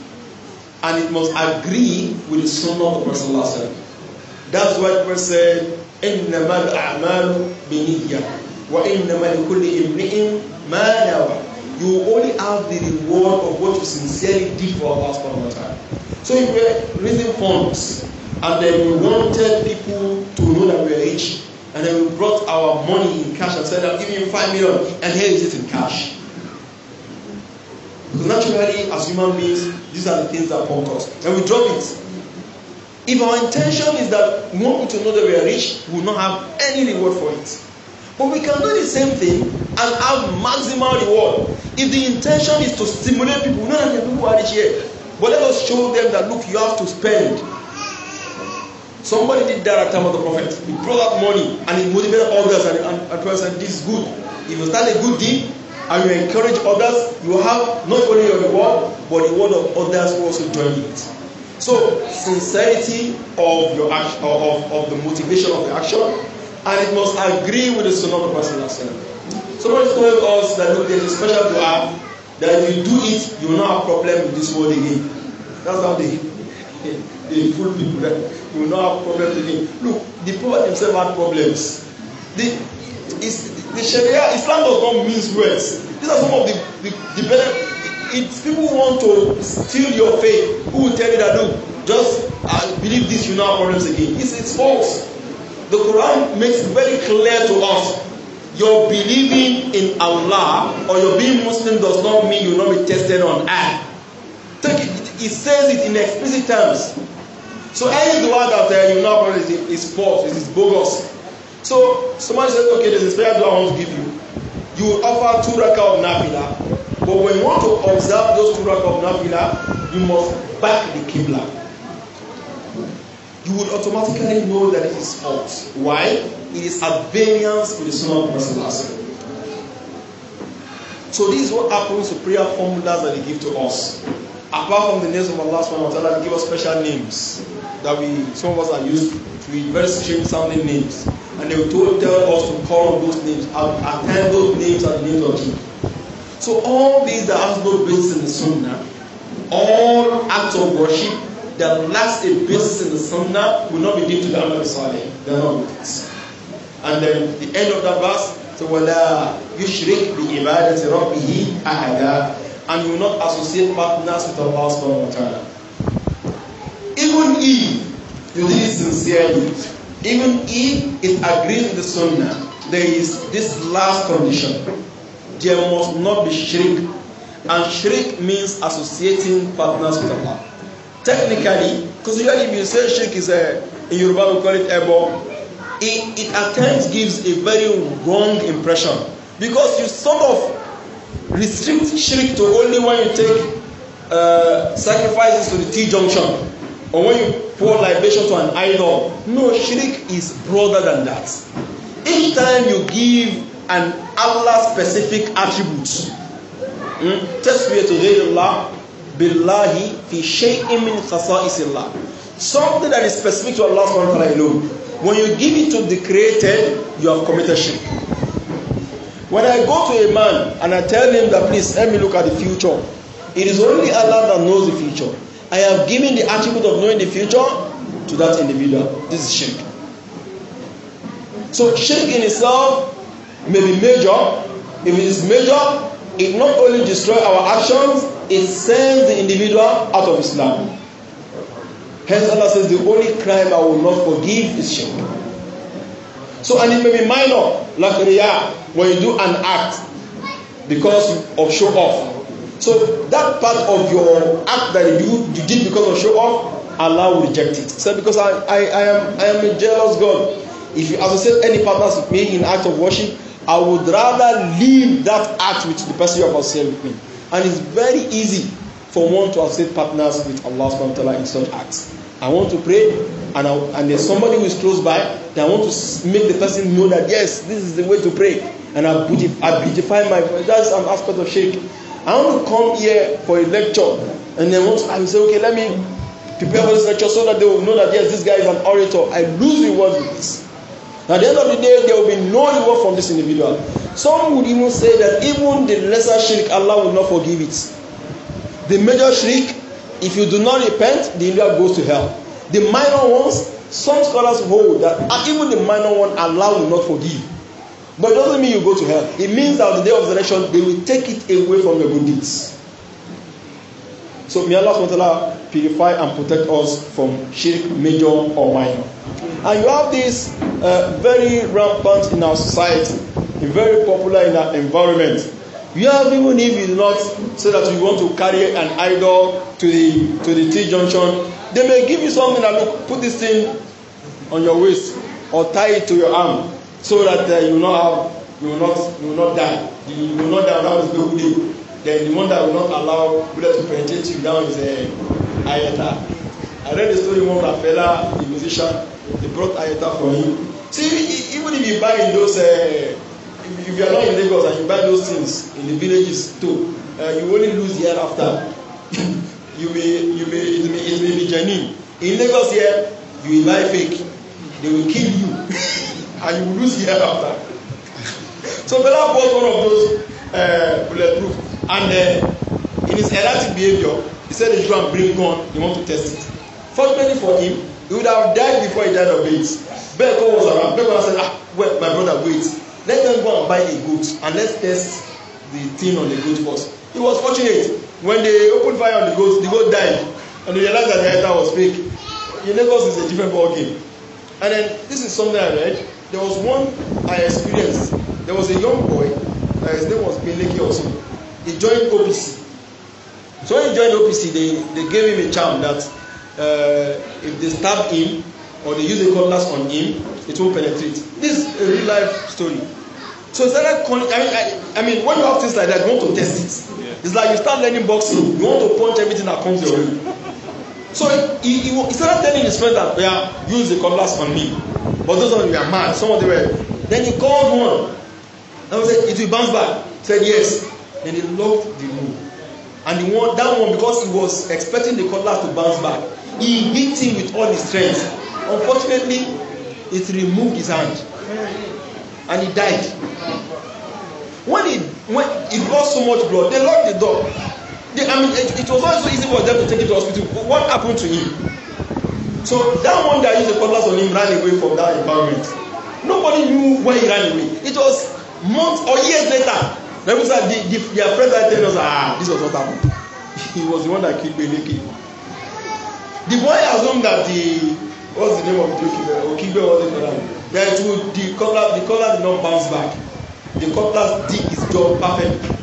and it must agree with the sunnah of the Prophet sallallahu alaihi That's why the Prophet said, "Innamal a'malu binniyah, wa innamal kulli imri'in ma nawa." You only have the reward of what you sincerely did for Allah subhanahu wa ta'ala. So if we're raising funds and then we wanted people to know that we are rich, and then we brought our money in cash and said, "I'm giving you five million, and here is it in cash." Because naturally, as human beings, these are the things that pump us. And we drop it. If our intention is that we want people to know that we are rich, we will not have any reward for it. But we can do the same thing and have maximal reward. If the intention is to stimulate people, we know that the people are rich here. But let us show them that look, you have to spend. Somebody did that at the time of the prophet. He brought out money and he motivated others and, and, and person, this is good. If you start a good deed, and you encourage others you have not only your reward but the reward of others who also join it so sincerity of your action of of the motivation of the action and it must agree with the sunnah of the person himself somebody told us that look there is a special dua that if you do it you will not have problem with this world again that's how they they fool people that you will not have problem again look the poor himself had problems the is the Sharia Islam does not mean words. These are some of the the, the benefits. It's people who want to steal your faith who will tell you that no, just uh, believe this, you now have problems again. It's, it's false. The Quran makes very clear to us your believing in Allah or your being Muslim does not mean you will not be tested on earth. Take it, it says it in explicit terms. So any dua that uh, you now practice is false, it is bogus. So someone says, okay, there's a special dua I want to give you. You offer two rakah of nafila, but when you want to observe those two rakah of nafila, you must back the qibla. You would automatically know that it is false. Why? It is at variance with the Sunnah of Rasulullah. So this is what happens to prayer formulas that they give to us. Apart from the names of Allah subhanahu wa ta'ala, they give us special names that we some of us are used to it, very strange sounding names and they will tell us to call on those names and attend those names the names of Jesus. So all these that have no basis in the Sunnah, all acts of worship that lacks a basis in the Sunnah will not be given to the Amal Saleh. They're not with And then the end of that verse, so وَلَا يُشْرِكْ بِإِبَادَةِ رَبِّهِ أَحَدًا And you will not associate partners with Allah subhanahu wa ta'ala. Even if you did it sincerely, even if it agrees with the sunnah there is this last condition there must not be shirk and shirk means associating partners with Allah technically because usually if you say shirk is a uh, in Yoruba we call it ebo it it at times gives a very wrong impression because you sort of restrict shirk to only when you take uh, sacrifices to the T junction or when you pour libation to an idol. No, shirk is broader than that. Each time you give an Allah specific attribute, تسوية غير الله بالله في شيء من خصائص Allah, Something that is specific to Allah subhanahu wa ta'ala alone. When you give it to the created, you have committed shirk. When I go to a man and I tell him that please help me look at the future, it is only Allah that knows the future. I have given the attribute of knowing the future to that individual. This is shirk. So shirk in itself may be major. If it is major, it not only destroys our actions, it sends the individual out of Islam. Hence Allah says the only crime I will not forgive is shirk. So and it may be minor, like riyah, when you do an act because of show off So that part of your act that you, you did because of show off, Allah will reject it. So because I, I, I am I am a jealous God. If you associate any partners with me in act of worship, I would rather leave that act with the person you have associated with me. And it's very easy for one to associate partners with Allah subhanahu wa ta'ala in such acts. I want to pray, and, I, and there's somebody who is close by, that I want to make the person know that yes, this is the way to pray. And I beautify my that's an aspect of shirk I want to come here for a lecture and then once I say okay let me prepare for this lecture so that they will know that yes this guy is an orator I lose reward with this. At the end of the day there will be no reward from this individual. Some would even say that even the lesser shirk Allah will not forgive it. The major shirk if you do not repent the individual goes to hell. The minor ones some scholars hold that even the minor one Allah will not forgive But it doesn't mean you go to hell. It means that on the day of the resurrection, they will take it away from your good deeds. So may Allah SWT purify and protect us from shirk, major or minor. And you have this uh, very rampant in our society, very popular in our environment. You have even if you do not say that you want to carry an idol to the to the T junction, they may give you something that look put this thing on your waist or tie it to your arm so that uh, you not have you will not you will not die you will not die without the whole day then the one that will not allow bullet to penetrate you down is uh, ayeta i read the story one of my fella the musician he brought ayeta for him see e, e, even if you buy in those uh, if, you are not in Lagos and you buy those things in the villages too uh, you only lose year after you may you may it may it may be genuine in Lagos here you will buy fake they will kill you. and you will lose here after. so Bella bought one of those uh, bulletproof and uh, in his erratic behavior he said they should go and bring gun they want to test it. fortunately for him he would have died before he died of it. Beko was around Beko said ah well my brother wait let them go and buy a goat and let's test the thing on the goat first. He was fortunate when they opened fire on the goat the goat died and they realized that the item was fake. In Lagos is a different ball game and then this is something I read There was one I experienced. There was a young boy, uh, his name was Beleke also. He joined OPC. So when he joined OPC, they, they gave him a charm that uh, if they stab him or they use a cutlass on him, it won't penetrate. This is a real life story. So instead of, I mean, I, I mean, when you have things like that, you want to test it. Yeah. It's like you start learning boxing, you want to punch everything that comes your way. So he, he, he started telling his friend that, yeah, use the cutlass on me. But those of you are mad. Some of them were. Then he called one. And he said, it will bounce back. He said, yes. Then he locked the room. And the one, that one, because he was expecting the cutlass to bounce back, he hit him with all his strength. Unfortunately, it removed his hand. And he died. When he, when he lost so much blood, they locked the door. They, I mean, it, it was not so easy for them to take him to hospital. What happened to him? So that one that used the cutlass on him ran away from that environment. Nobody knew why he ran away. It was months or years later. we said, the, the, their friends are telling us, ah, this was what happened. he was the one that killed Beleke. The boy assumed that the, what's the name of the Okibe? Okibe was the brother. That would, the cutlass, the cutlass did not bounce back. The cutlass did its job perfectly.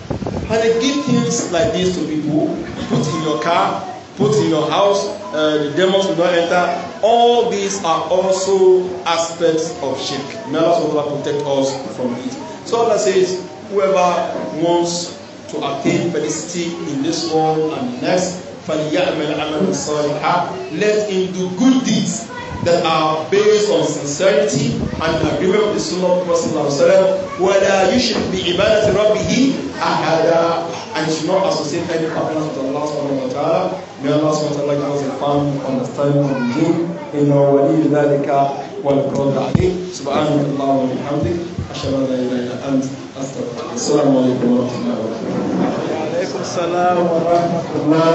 But they give things like this to people. Put in your car, put in your house, uh, the demons will not enter. All these are also aspects of shirk. May Allah protect us from it. So Allah says, whoever wants to attain felicity in this world and the next, فَلْيَعْمَلْ عَمَلًا صَالِحًا Let him do good deeds that are based on sincerity and agreement with the Sunnah of the Prophet whether you should be ibadat rabbihi ahada and should not associate any partners with Allah subhanahu wa ta'ala. May Allah subhanahu wa ta'ala give us a firm understanding of the deen. Inna wali dhalika wal qadr alim. Subhanallah wa bihamdik. أشهد أن لا إله إلا أنت أستغفرك السلام عليكم ورحمة الله وبركاته. وعليكم السلام ورحمة الله